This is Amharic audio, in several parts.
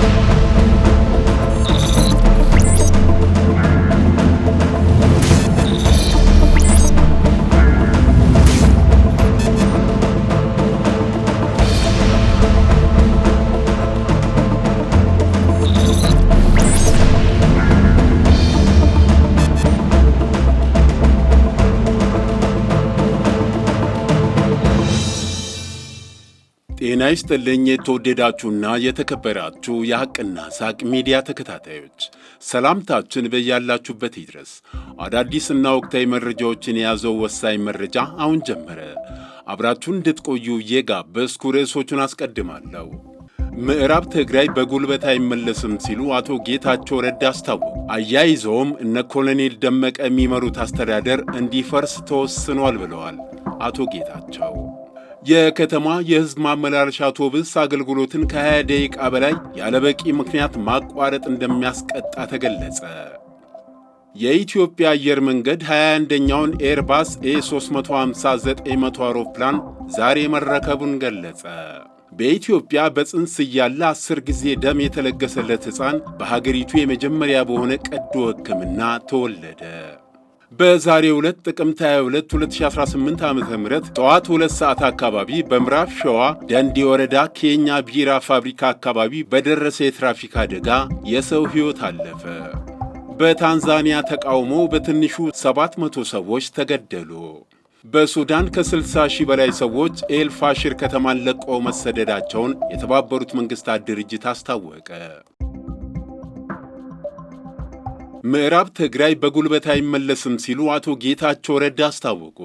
Thank you. ይስጥልኝ የተወደዳችሁና የተከበራችሁ የሐቅና ሳቅ ሚዲያ ተከታታዮች ሰላምታችን በያላችሁበት ይድረስ። አዳዲስና ወቅታዊ መረጃዎችን የያዘው ወሳኝ መረጃ አሁን ጀመረ። አብራችሁን እንድትቆዩ እየጋበዝኩ ርዕሶቹን አስቀድማለሁ። ምዕራብ ትግራይ በጉልበት አይመለስም ሲሉ አቶ ጌታቸው ረዳ አስታወቁ። አያይዘውም እነ ኮሎኔል ደመቀ የሚመሩት አስተዳደር እንዲፈርስ ተወስኗል ብለዋል አቶ ጌታቸው የከተማ የህዝብ ማመላለሻ አውቶብስ አገልግሎትን ከ20 ደቂቃ በላይ ያለበቂ ምክንያት ማቋረጥ እንደሚያስቀጣ ተገለጸ። የኢትዮጵያ አየር መንገድ 21ኛውን ኤርባስ ኤ350-900 አውሮፕላን ዛሬ መረከቡን ገለጸ። በኢትዮጵያ በጽንስ እያለ አስር ጊዜ ደም የተለገሰለት ሕፃን በሀገሪቱ የመጀመሪያ በሆነ ቀዶ ሕክምና ተወለደ። በዛሬ 2 ጥቅምት 22 2018 ዓ ም ጠዋት 2 ሰዓት አካባቢ በምዕራብ ሸዋ ደንዲ ወረዳ ኬኛ ቢራ ፋብሪካ አካባቢ በደረሰ የትራፊክ አደጋ የሰው ሕይወት አለፈ። በታንዛኒያ ተቃውሞ በትንሹ 700 ሰዎች ተገደሉ። በሱዳን ከ60 ሺህ በላይ ሰዎች ኤልፋሽር ከተማን ለቆ መሰደዳቸውን የተባበሩት መንግሥታት ድርጅት አስታወቀ። ምዕራብ ትግራይ በጉልበት አይመለስም ሲሉ አቶ ጌታቸው ረዳ አስታወቁ።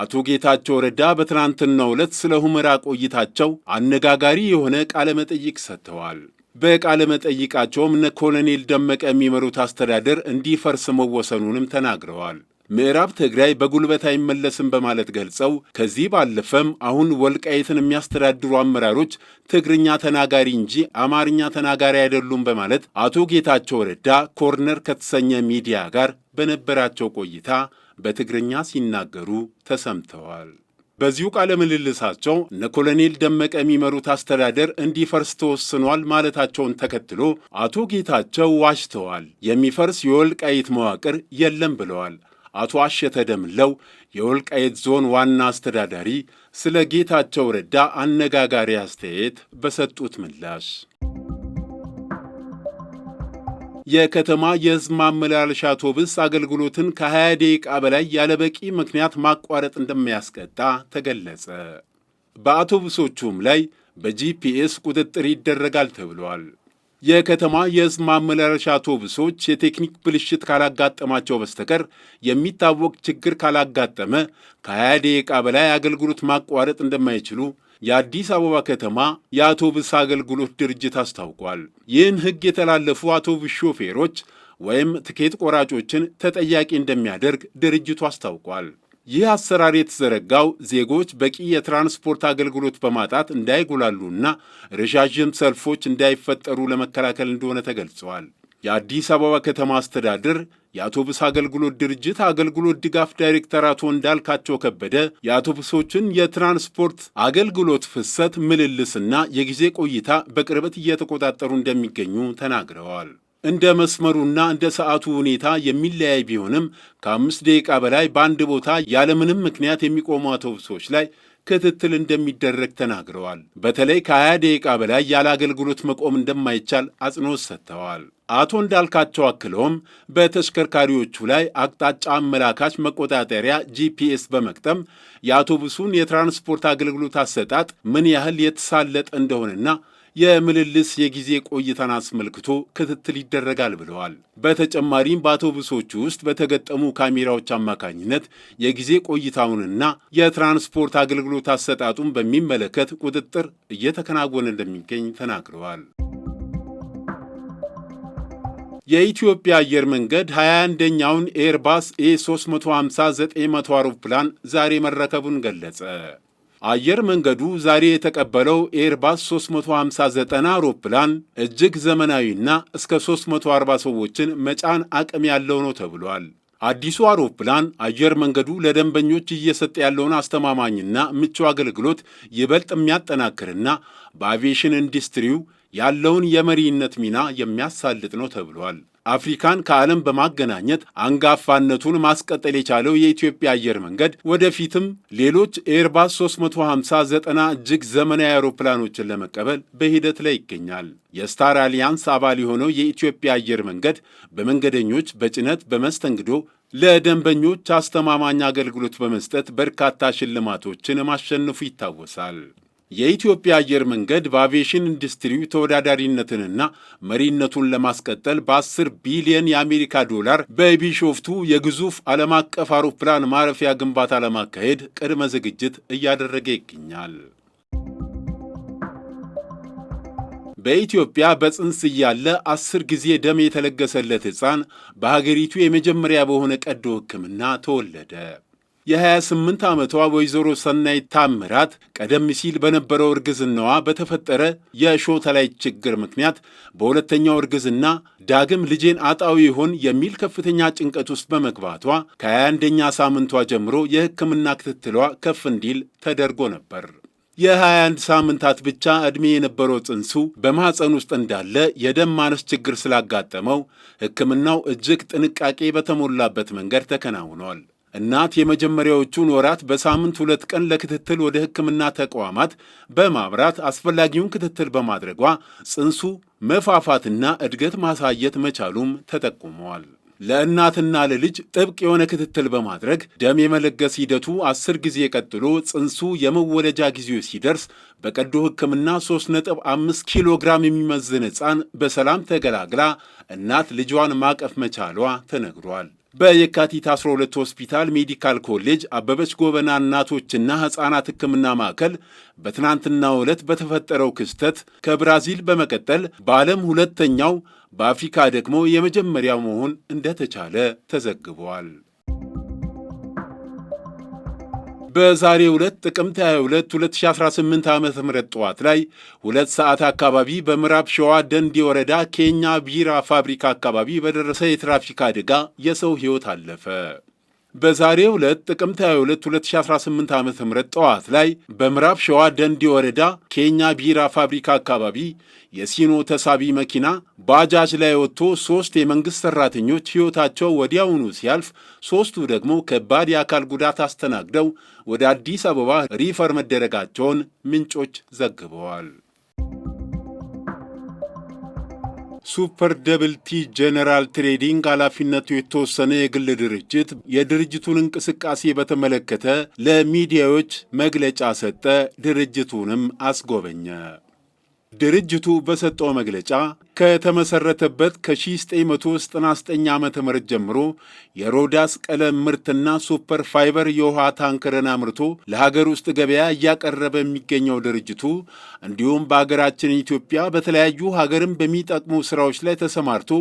አቶ ጌታቸው ረዳ በትናንትናው ዕለት ስለ ሁመራ ቆይታቸው አነጋጋሪ የሆነ ቃለ መጠይቅ ሰጥተዋል። በቃለ መጠይቃቸውም እነ ኮሎኔል ደመቀ የሚመሩት አስተዳደር እንዲፈርስ መወሰኑንም ተናግረዋል። ምዕራብ ትግራይ በጉልበት አይመለስም በማለት ገልጸው ከዚህ ባለፈም አሁን ወልቃይትን የሚያስተዳድሩ አመራሮች ትግርኛ ተናጋሪ እንጂ አማርኛ ተናጋሪ አይደሉም በማለት አቶ ጌታቸው ረዳ ኮርነር ከተሰኘ ሚዲያ ጋር በነበራቸው ቆይታ በትግርኛ ሲናገሩ ተሰምተዋል። በዚሁ ቃለ ምልልሳቸው እነ ኮሎኔል ደመቀ የሚመሩት አስተዳደር እንዲፈርስ ተወስኗል ማለታቸውን ተከትሎ አቶ ጌታቸው ዋሽተዋል፣ የሚፈርስ የወልቃይት መዋቅር የለም ብለዋል። አቶ አሸተ ደምለው የወልቃየት ዞን ዋና አስተዳዳሪ ስለ ጌታቸው ረዳ አነጋጋሪ አስተያየት በሰጡት ምላሽ የከተማ የሕዝብ ማመላለሻ አውቶብስ አገልግሎትን ከ20 ደቂቃ በላይ ያለበቂ ምክንያት ማቋረጥ እንደሚያስቀጣ ተገለጸ። በአውቶቡሶቹም ላይ በጂፒኤስ ቁጥጥር ይደረጋል ተብሏል። የከተማ የህዝብ ማመላለሻ አውቶቡሶች የቴክኒክ ብልሽት ካላጋጠማቸው በስተቀር የሚታወቅ ችግር ካላጋጠመ ከ20 ደቂቃ በላይ አገልግሎት ማቋረጥ እንደማይችሉ የአዲስ አበባ ከተማ የአውቶቡስ አገልግሎት ድርጅት አስታውቋል። ይህን ህግ የተላለፉ አውቶቡስ ሾፌሮች ወይም ትኬት ቆራጮችን ተጠያቂ እንደሚያደርግ ድርጅቱ አስታውቋል። ይህ አሰራር የተዘረጋው ዜጎች በቂ የትራንስፖርት አገልግሎት በማጣት እንዳይጉላሉና ረዣዥም ሰልፎች እንዳይፈጠሩ ለመከላከል እንደሆነ ተገልጸዋል። የአዲስ አበባ ከተማ አስተዳደር የአውቶቡስ አገልግሎት ድርጅት አገልግሎት ድጋፍ ዳይሬክተር አቶ እንዳልካቸው ከበደ የአውቶቡሶችን የትራንስፖርት አገልግሎት ፍሰት ምልልስና የጊዜ ቆይታ በቅርበት እየተቆጣጠሩ እንደሚገኙ ተናግረዋል። እንደ መስመሩና እንደ ሰዓቱ ሁኔታ የሚለያይ ቢሆንም ከአምስት ደቂቃ በላይ በአንድ ቦታ ያለምንም ምክንያት የሚቆሙ አውቶቡሶች ላይ ክትትል እንደሚደረግ ተናግረዋል። በተለይ ከ20 ደቂቃ በላይ ያለ አገልግሎት መቆም እንደማይቻል አጽንኦት ሰጥተዋል። አቶ እንዳልካቸው አክለውም በተሽከርካሪዎቹ ላይ አቅጣጫ አመላካች መቆጣጠሪያ ጂፒኤስ በመቅጠም የአውቶቡሱን የትራንስፖርት አገልግሎት አሰጣጥ ምን ያህል የተሳለጠ እንደሆነና የምልልስ የጊዜ ቆይታን አስመልክቶ ክትትል ይደረጋል ብለዋል። በተጨማሪም በአውቶቡሶቹ ውስጥ በተገጠሙ ካሜራዎች አማካኝነት የጊዜ ቆይታውንና የትራንስፖርት አገልግሎት አሰጣጡን በሚመለከት ቁጥጥር እየተከናወነ እንደሚገኝ ተናግረዋል። የኢትዮጵያ አየር መንገድ 21ኛውን ኤርባስ ኤ350 900 አውሮፕላን ዛሬ መረከቡን ገለጸ። አየር መንገዱ ዛሬ የተቀበለው ኤርባስ 359 አውሮፕላን እጅግ ዘመናዊና እስከ 340 ሰዎችን መጫን አቅም ያለው ነው ተብሏል። አዲሱ አውሮፕላን አየር መንገዱ ለደንበኞች እየሰጠ ያለውን አስተማማኝና ምቹ አገልግሎት ይበልጥ የሚያጠናክርና በአቪዬሽን ኢንዱስትሪው ያለውን የመሪነት ሚና የሚያሳልጥ ነው ተብሏል። አፍሪካን ከዓለም በማገናኘት አንጋፋነቱን ማስቀጠል የቻለው የኢትዮጵያ አየር መንገድ ወደፊትም ሌሎች ኤርባስ 350 ዘጠና እጅግ ዘመናዊ አውሮፕላኖችን ለመቀበል በሂደት ላይ ይገኛል። የስታር አሊያንስ አባል የሆነው የኢትዮጵያ አየር መንገድ በመንገደኞች በጭነት በመስተንግዶ ለደንበኞች አስተማማኝ አገልግሎት በመስጠት በርካታ ሽልማቶችን ማሸነፉ ይታወሳል። የኢትዮጵያ አየር መንገድ በአቪዬሽን ኢንዱስትሪው ተወዳዳሪነትንና መሪነቱን ለማስቀጠል በ10 ቢሊየን የአሜሪካ ዶላር በቢሾፍቱ የግዙፍ ዓለም አቀፍ አውሮፕላን ማረፊያ ግንባታ ለማካሄድ ቅድመ ዝግጅት እያደረገ ይገኛል። በኢትዮጵያ በጽንስ እያለ አስር ጊዜ ደም የተለገሰለት ሕፃን በሀገሪቱ የመጀመሪያ በሆነ ቀዶ ሕክምና ተወለደ። የ28 ዓመቷ ወይዘሮ ሰናይ ታምራት ቀደም ሲል በነበረው እርግዝናዋ በተፈጠረ የሾተ ላይ ችግር ምክንያት በሁለተኛው እርግዝና ዳግም ልጄን አጣዊ ይሆን የሚል ከፍተኛ ጭንቀት ውስጥ በመግባቷ ከ21ኛ ሳምንቷ ጀምሮ የሕክምና ክትትሏ ከፍ እንዲል ተደርጎ ነበር። የ21 ሳምንታት ብቻ ዕድሜ የነበረው ጽንሱ በማኅፀን ውስጥ እንዳለ የደም ማነስ ችግር ስላጋጠመው ሕክምናው እጅግ ጥንቃቄ በተሞላበት መንገድ ተከናውኗል። እናት የመጀመሪያዎቹን ወራት በሳምንት ሁለት ቀን ለክትትል ወደ ሕክምና ተቋማት በማብራት አስፈላጊውን ክትትል በማድረጓ ጽንሱ መፋፋትና እድገት ማሳየት መቻሉም ተጠቁመዋል። ለእናትና ለልጅ ጥብቅ የሆነ ክትትል በማድረግ ደም የመለገስ ሂደቱ አስር ጊዜ ቀጥሎ ጽንሱ የመወለጃ ጊዜው ሲደርስ በቀዶ ሕክምና 3.5 ኪሎ ግራም የሚመዝን ሕፃን በሰላም ተገላግላ እናት ልጇን ማቀፍ መቻሏ ተነግሯል። በየካቲት 12 ሆስፒታል ሜዲካል ኮሌጅ አበበች ጎበና እናቶችና ሕፃናት ሕክምና ማዕከል በትናንትናው ዕለት በተፈጠረው ክስተት ከብራዚል በመቀጠል በዓለም ሁለተኛው በአፍሪካ ደግሞ የመጀመሪያው መሆን እንደተቻለ ተዘግቧል። በዛሬ ሁለት ጥቅምት 22 2018 ዓ ም ጠዋት ላይ ሁለት ሰዓት አካባቢ በምዕራብ ሸዋ ደንዲ ወረዳ ኬኛ ቢራ ፋብሪካ አካባቢ በደረሰ የትራፊክ አደጋ የሰው ሕይወት አለፈ። በዛሬ ዕለት ጥቅምት 22 2018 ዓ ም ጠዋት ላይ በምዕራብ ሸዋ ደንዲ ወረዳ ኬኛ ቢራ ፋብሪካ አካባቢ የሲኖ ተሳቢ መኪና ባጃጅ ላይ ወጥቶ ሦስት የመንግሥት ሠራተኞች ሕይወታቸው ወዲያውኑ ሲያልፍ ሦስቱ ደግሞ ከባድ የአካል ጉዳት አስተናግደው ወደ አዲስ አበባ ሪፈር መደረጋቸውን ምንጮች ዘግበዋል። ሱፐር ደብልቲ ቲ ጄኔራል ትሬዲንግ ኃላፊነቱ የተወሰነ የግል ድርጅት የድርጅቱን እንቅስቃሴ በተመለከተ ለሚዲያዎች መግለጫ ሰጠ። ድርጅቱንም አስጎበኘ። ድርጅቱ በሰጠው መግለጫ ከተመሰረተበት ከ1999 ዓ ም ጀምሮ የሮዳስ ቀለም ምርትና ሱፐር ፋይበር የውሃ ታንክርን አምርቶ ለሀገር ውስጥ ገበያ እያቀረበ የሚገኘው ድርጅቱ እንዲሁም በሀገራችን ኢትዮጵያ በተለያዩ ሀገርን በሚጠቅሙ ስራዎች ላይ ተሰማርቶ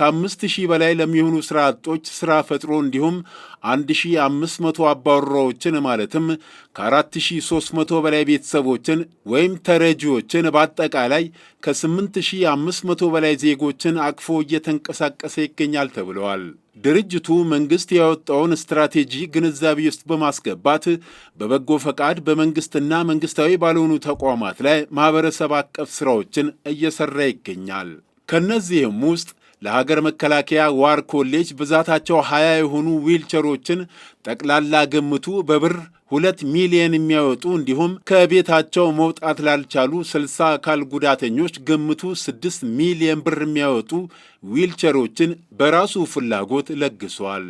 ከአምስት ሺህ በላይ ለሚሆኑ ስራ አጦች ስራ ፈጥሮ እንዲሁም 1500 አባወራዎችን ማለትም ከ4300 በላይ ቤተሰቦችን ወይም ተረጂዎችን ባጠ በአጠቃላይ ከ8500 በላይ ዜጎችን አቅፎ እየተንቀሳቀሰ ይገኛል ተብለዋል። ድርጅቱ መንግሥት ያወጣውን ስትራቴጂ ግንዛቤ ውስጥ በማስገባት በበጎ ፈቃድ በመንግሥትና መንግሥታዊ ባልሆኑ ተቋማት ላይ ማኅበረሰብ አቀፍ ሥራዎችን እየሠራ ይገኛል። ከእነዚህም ውስጥ ለሀገር መከላከያ ዋር ኮሌጅ ብዛታቸው ሀያ የሆኑ ዊልቸሮችን ጠቅላላ ግምቱ በብር ሁለት ሚሊየን የሚያወጡ እንዲሁም ከቤታቸው መውጣት ላልቻሉ ስልሳ አካል ጉዳተኞች ግምቱ ስድስት ሚሊየን ብር የሚያወጡ ዊልቸሮችን በራሱ ፍላጎት ለግሷል።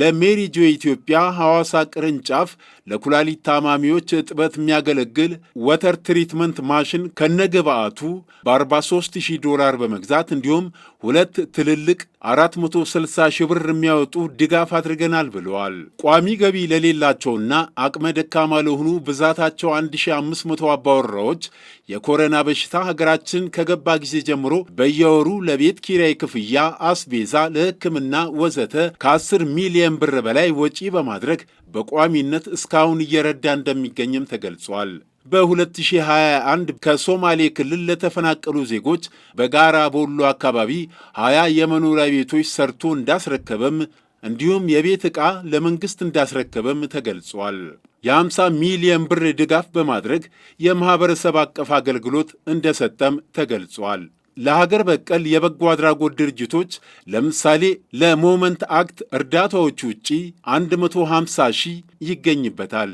ለሜሪጆ ኢትዮጵያ ሐዋሳ ቅርንጫፍ ለኩላሊት ታማሚዎች እጥበት የሚያገለግል ወተር ትሪትመንት ማሽን ከነግብአቱ በ43000 ዶላር በመግዛት እንዲሁም ሁለት ትልልቅ 460 ሺህ ብር የሚያወጡ ድጋፍ አድርገናል ብለዋል። ቋሚ ገቢ ለሌላቸውና አቅመ ደካማ ለሆኑ ብዛታቸው 1500 አባወራዎች የኮረና በሽታ ሀገራችን ከገባ ጊዜ ጀምሮ በየወሩ ለቤት ኪራይ ክፍያ፣ አስቤዛ፣ ለሕክምና ወዘተ ከ10 ሚሊዮን ሚሊየን ብር በላይ ወጪ በማድረግ በቋሚነት እስካሁን እየረዳ እንደሚገኝም ተገልጿል። በ2021 ከሶማሌ ክልል ለተፈናቀሉ ዜጎች በጋራ ቦሎ አካባቢ 20 የመኖሪያ ቤቶች ሰርቶ እንዳስረከበም እንዲሁም የቤት ዕቃ ለመንግሥት እንዳስረከበም ተገልጿል። የ50 ሚሊየን ብር ድጋፍ በማድረግ የማኅበረሰብ አቀፍ አገልግሎት እንደሰጠም ተገልጿል። ለሀገር በቀል የበጎ አድራጎት ድርጅቶች ለምሳሌ ለሞመንት አክት እርዳታዎች ውጪ 150 ሺህ ይገኝበታል።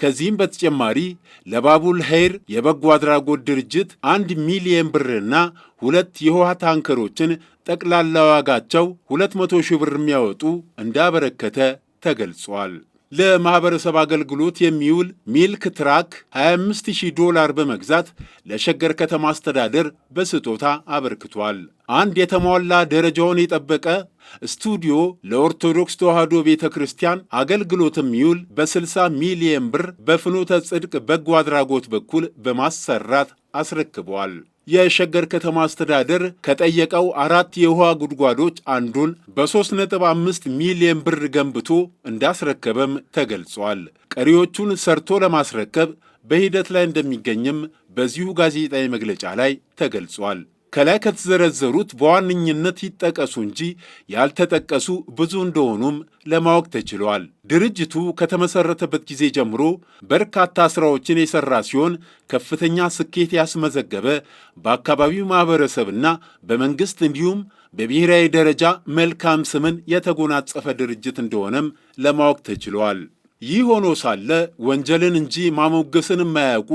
ከዚህም በተጨማሪ ለባቡል ሄይር የበጎ አድራጎት ድርጅት አንድ ሚሊየን ብርና ሁለት የውሃ ታንከሮችን ጠቅላላ ዋጋቸው 200 ሺህ ብር የሚያወጡ እንዳበረከተ ተገልጿል። ለማህበረሰብ አገልግሎት የሚውል ሚልክ ትራክ 25000 ዶላር በመግዛት ለሸገር ከተማ አስተዳደር በስጦታ አበርክቷል። አንድ የተሟላ ደረጃውን የጠበቀ ስቱዲዮ ለኦርቶዶክስ ተዋሕዶ ቤተ ክርስቲያን አገልግሎት የሚውል በ60 ሚሊየን ብር በፍኖተ ጽድቅ በጎ አድራጎት በኩል በማሰራት አስረክቧል። የሸገር ከተማ አስተዳደር ከጠየቀው አራት የውሃ ጉድጓዶች አንዱን በ3.5 ሚሊየን ብር ገንብቶ እንዳስረከበም ተገልጿል። ቀሪዎቹን ሰርቶ ለማስረከብ በሂደት ላይ እንደሚገኝም በዚሁ ጋዜጣዊ መግለጫ ላይ ተገልጿል። ከላይ ከተዘረዘሩት በዋነኝነት ይጠቀሱ እንጂ ያልተጠቀሱ ብዙ እንደሆኑም ለማወቅ ተችሏል። ድርጅቱ ከተመሰረተበት ጊዜ ጀምሮ በርካታ ስራዎችን የሰራ ሲሆን ከፍተኛ ስኬት ያስመዘገበ በአካባቢው ማኅበረሰብና በመንግስት እንዲሁም በብሔራዊ ደረጃ መልካም ስምን የተጎናጸፈ ድርጅት እንደሆነም ለማወቅ ተችሏል። ይህ ሆኖ ሳለ ወንጀልን እንጂ ማሞገስን የማያውቁ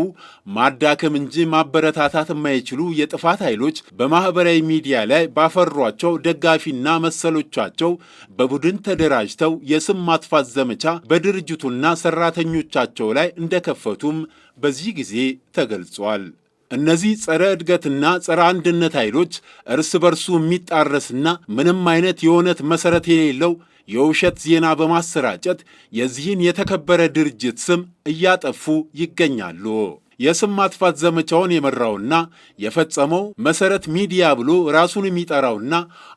ማዳከም እንጂ ማበረታታት የማይችሉ የጥፋት ኃይሎች በማኅበራዊ ሚዲያ ላይ ባፈሯቸው ደጋፊና መሰሎቻቸው በቡድን ተደራጅተው የስም ማጥፋት ዘመቻ በድርጅቱና ሠራተኞቻቸው ላይ እንደከፈቱም በዚህ ጊዜ ተገልጿል። እነዚህ ጸረ እድገትና ጸረ አንድነት ኃይሎች እርስ በርሱ የሚጣረስና ምንም አይነት የእውነት መሠረት የሌለው የውሸት ዜና በማሰራጨት የዚህን የተከበረ ድርጅት ስም እያጠፉ ይገኛሉ። የስም ማጥፋት ዘመቻውን የመራውና የፈጸመው መሰረት ሚዲያ ብሎ ራሱን የሚጠራውና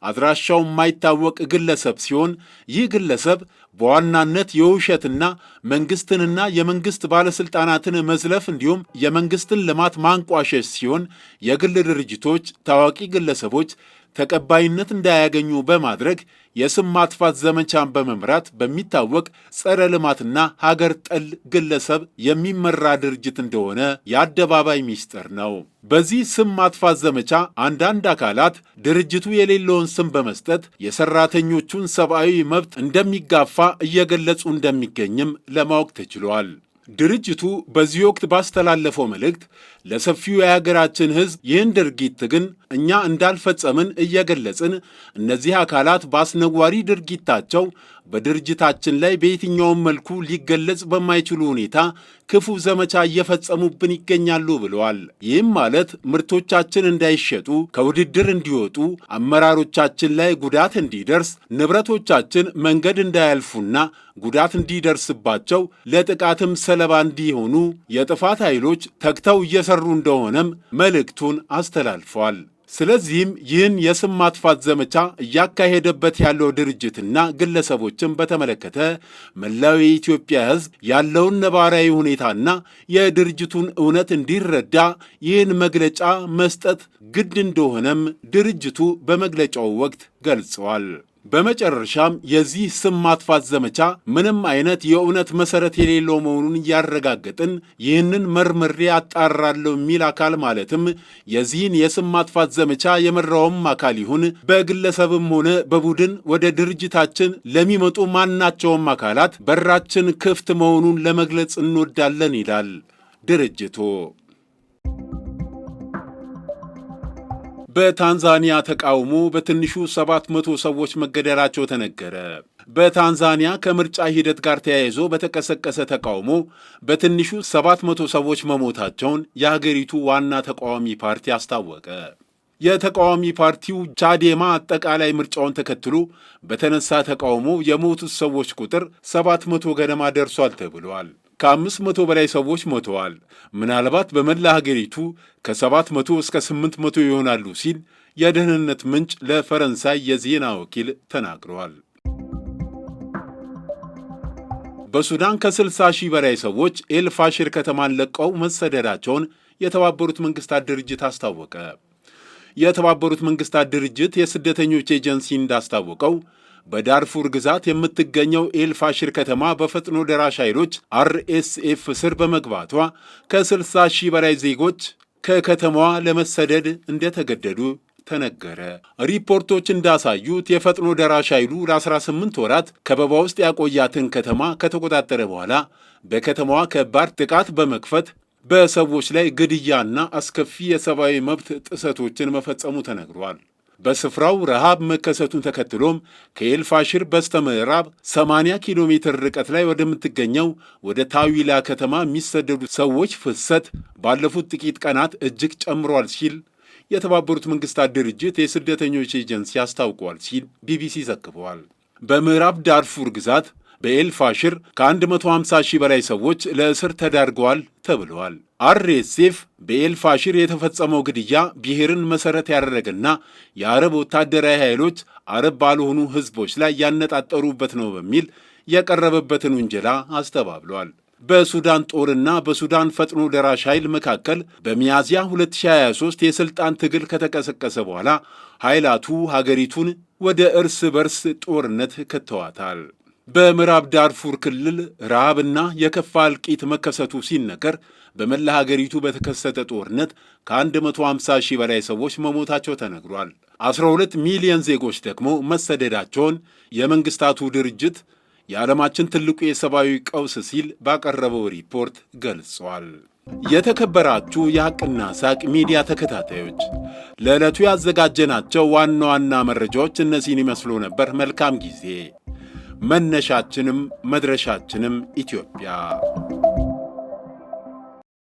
አድራሻው የማይታወቅ ግለሰብ ሲሆን ይህ ግለሰብ በዋናነት የውሸትና መንግስትንና የመንግስት ባለስልጣናትን መዝለፍ እንዲሁም የመንግስትን ልማት ማንቋሸሽ ሲሆን የግል ድርጅቶች፣ ታዋቂ ግለሰቦች ተቀባይነት እንዳያገኙ በማድረግ የስም ማጥፋት ዘመቻን በመምራት በሚታወቅ ጸረ ልማትና ሀገር ጠል ግለሰብ የሚመራ ድርጅት እንደሆነ የአደባባይ ሚስጥር ነው። በዚህ ስም ማጥፋት ዘመቻ አንዳንድ አካላት ድርጅቱ የሌለውን ስም በመስጠት የሰራተኞቹን ሰብአዊ መብት እንደሚጋፋ እየገለጹ እንደሚገኝም ለማወቅ ተችሏል። ድርጅቱ በዚህ ወቅት ባስተላለፈው መልእክት ለሰፊው የሀገራችን ሕዝብ ይህን ድርጊት ግን እኛ እንዳልፈጸምን እየገለጽን እነዚህ አካላት በአስነዋሪ ድርጊታቸው በድርጅታችን ላይ በየትኛውም መልኩ ሊገለጽ በማይችሉ ሁኔታ ክፉ ዘመቻ እየፈጸሙብን ይገኛሉ ብለዋል። ይህም ማለት ምርቶቻችን እንዳይሸጡ፣ ከውድድር እንዲወጡ፣ አመራሮቻችን ላይ ጉዳት እንዲደርስ፣ ንብረቶቻችን መንገድ እንዳያልፉና ጉዳት እንዲደርስባቸው ለጥቃትም ሰለባ እንዲሆኑ የጥፋት ኃይሎች ተግተው እየሰሩ እንደሆነም መልእክቱን አስተላልፏል ስለዚህም ይህን የስም ማጥፋት ዘመቻ እያካሄደበት ያለው ድርጅትና ግለሰቦችን በተመለከተ መላው የኢትዮጵያ ሕዝብ ያለውን ነባራዊ ሁኔታና የድርጅቱን እውነት እንዲረዳ ይህን መግለጫ መስጠት ግድ እንደሆነም ድርጅቱ በመግለጫው ወቅት ገልጸዋል። በመጨረሻም የዚህ ስም ማጥፋት ዘመቻ ምንም አይነት የእውነት መሰረት የሌለው መሆኑን እያረጋገጥን ይህንን መርምሬ አጣራለሁ የሚል አካል ማለትም የዚህን የስም ማጥፋት ዘመቻ የመራውም አካል ይሁን በግለሰብም ሆነ በቡድን ወደ ድርጅታችን ለሚመጡ ማናቸውም አካላት በራችን ክፍት መሆኑን ለመግለጽ እንወዳለን ይላል ድርጅቱ። በታንዛኒያ ተቃውሞ በትንሹ 700 ሰዎች መገደላቸው ተነገረ። በታንዛኒያ ከምርጫ ሂደት ጋር ተያይዞ በተቀሰቀሰ ተቃውሞ በትንሹ 700 ሰዎች መሞታቸውን የሀገሪቱ ዋና ተቃዋሚ ፓርቲ አስታወቀ። የተቃዋሚ ፓርቲው ቻዴማ አጠቃላይ ምርጫውን ተከትሎ በተነሳ ተቃውሞ የሞቱት ሰዎች ቁጥር 700 ገደማ ደርሷል ተብሏል። ከአምስት መቶ በላይ ሰዎች ሞተዋል። ምናልባት በመላ ሀገሪቱ ከሰባት መቶ እስከ ስምንት መቶ ይሆናሉ ሲል የደህንነት ምንጭ ለፈረንሳይ የዜና ወኪል ተናግረዋል። በሱዳን ከ60 ሺህ በላይ ሰዎች ኤልፋሽር ከተማን ለቀው መሰደዳቸውን የተባበሩት መንግስታት ድርጅት አስታወቀ። የተባበሩት መንግስታት ድርጅት የስደተኞች ኤጀንሲ እንዳስታወቀው በዳርፉር ግዛት የምትገኘው ኤልፋሽር ከተማ በፈጥኖ ደራሽ ኃይሎች አርኤስኤፍ ስር በመግባቷ ከ60 ሺህ በላይ ዜጎች ከከተማዋ ለመሰደድ እንደተገደዱ ተነገረ። ሪፖርቶች እንዳሳዩት የፈጥኖ ደራሽ ኃይሉ ለ18 ወራት ከበባ ውስጥ ያቆያትን ከተማ ከተቆጣጠረ በኋላ በከተማዋ ከባድ ጥቃት በመክፈት በሰዎች ላይ ግድያና አስከፊ የሰብአዊ መብት ጥሰቶችን መፈጸሙ ተነግሯል። በስፍራው ረሃብ መከሰቱን ተከትሎም ከኤልፋሽር በስተምዕራብ 80 ኪሎ ሜትር ርቀት ላይ ወደምትገኘው ወደ ታዊላ ከተማ የሚሰደዱ ሰዎች ፍሰት ባለፉት ጥቂት ቀናት እጅግ ጨምሯል ሲል የተባበሩት መንግስታት ድርጅት የስደተኞች ኤጀንሲ አስታውቋል ሲል ቢቢሲ ዘግበዋል። በምዕራብ ዳርፉር ግዛት በኤልፋሽር ከ150 ሺህ በላይ ሰዎች ለእስር ተዳርገዋል ተብለዋል። አርኤስኤፍ በኤልፋሽር የተፈጸመው ግድያ ብሔርን መሠረት ያደረገና የአረብ ወታደራዊ ኃይሎች አረብ ባልሆኑ ህዝቦች ላይ ያነጣጠሩበት ነው በሚል የቀረበበትን ውንጀላ አስተባብሏል። በሱዳን ጦርና በሱዳን ፈጥኖ ደራሽ ኃይል መካከል በሚያዝያ 2023 የሥልጣን ትግል ከተቀሰቀሰ በኋላ ኃይላቱ ሀገሪቱን ወደ እርስ በርስ ጦርነት ከተዋታል። በምዕራብ ዳርፉር ክልል ረሃብና የከፋ እልቂት መከሰቱ ሲነገር በመላ ሀገሪቱ በተከሰተ ጦርነት ከ150 ሺህ በላይ ሰዎች መሞታቸው ተነግሯል። 12 ሚሊዮን ዜጎች ደግሞ መሰደዳቸውን የመንግስታቱ ድርጅት የዓለማችን ትልቁ የሰብአዊ ቀውስ ሲል ባቀረበው ሪፖርት ገልጿል። የተከበራችሁ የሐቅና ሳቅ ሚዲያ ተከታታዮች ለዕለቱ ያዘጋጀናቸው ዋና ዋና መረጃዎች እነዚህን ይመስሉ ነበር። መልካም ጊዜ መነሻችንም መድረሻችንም ኢትዮጵያ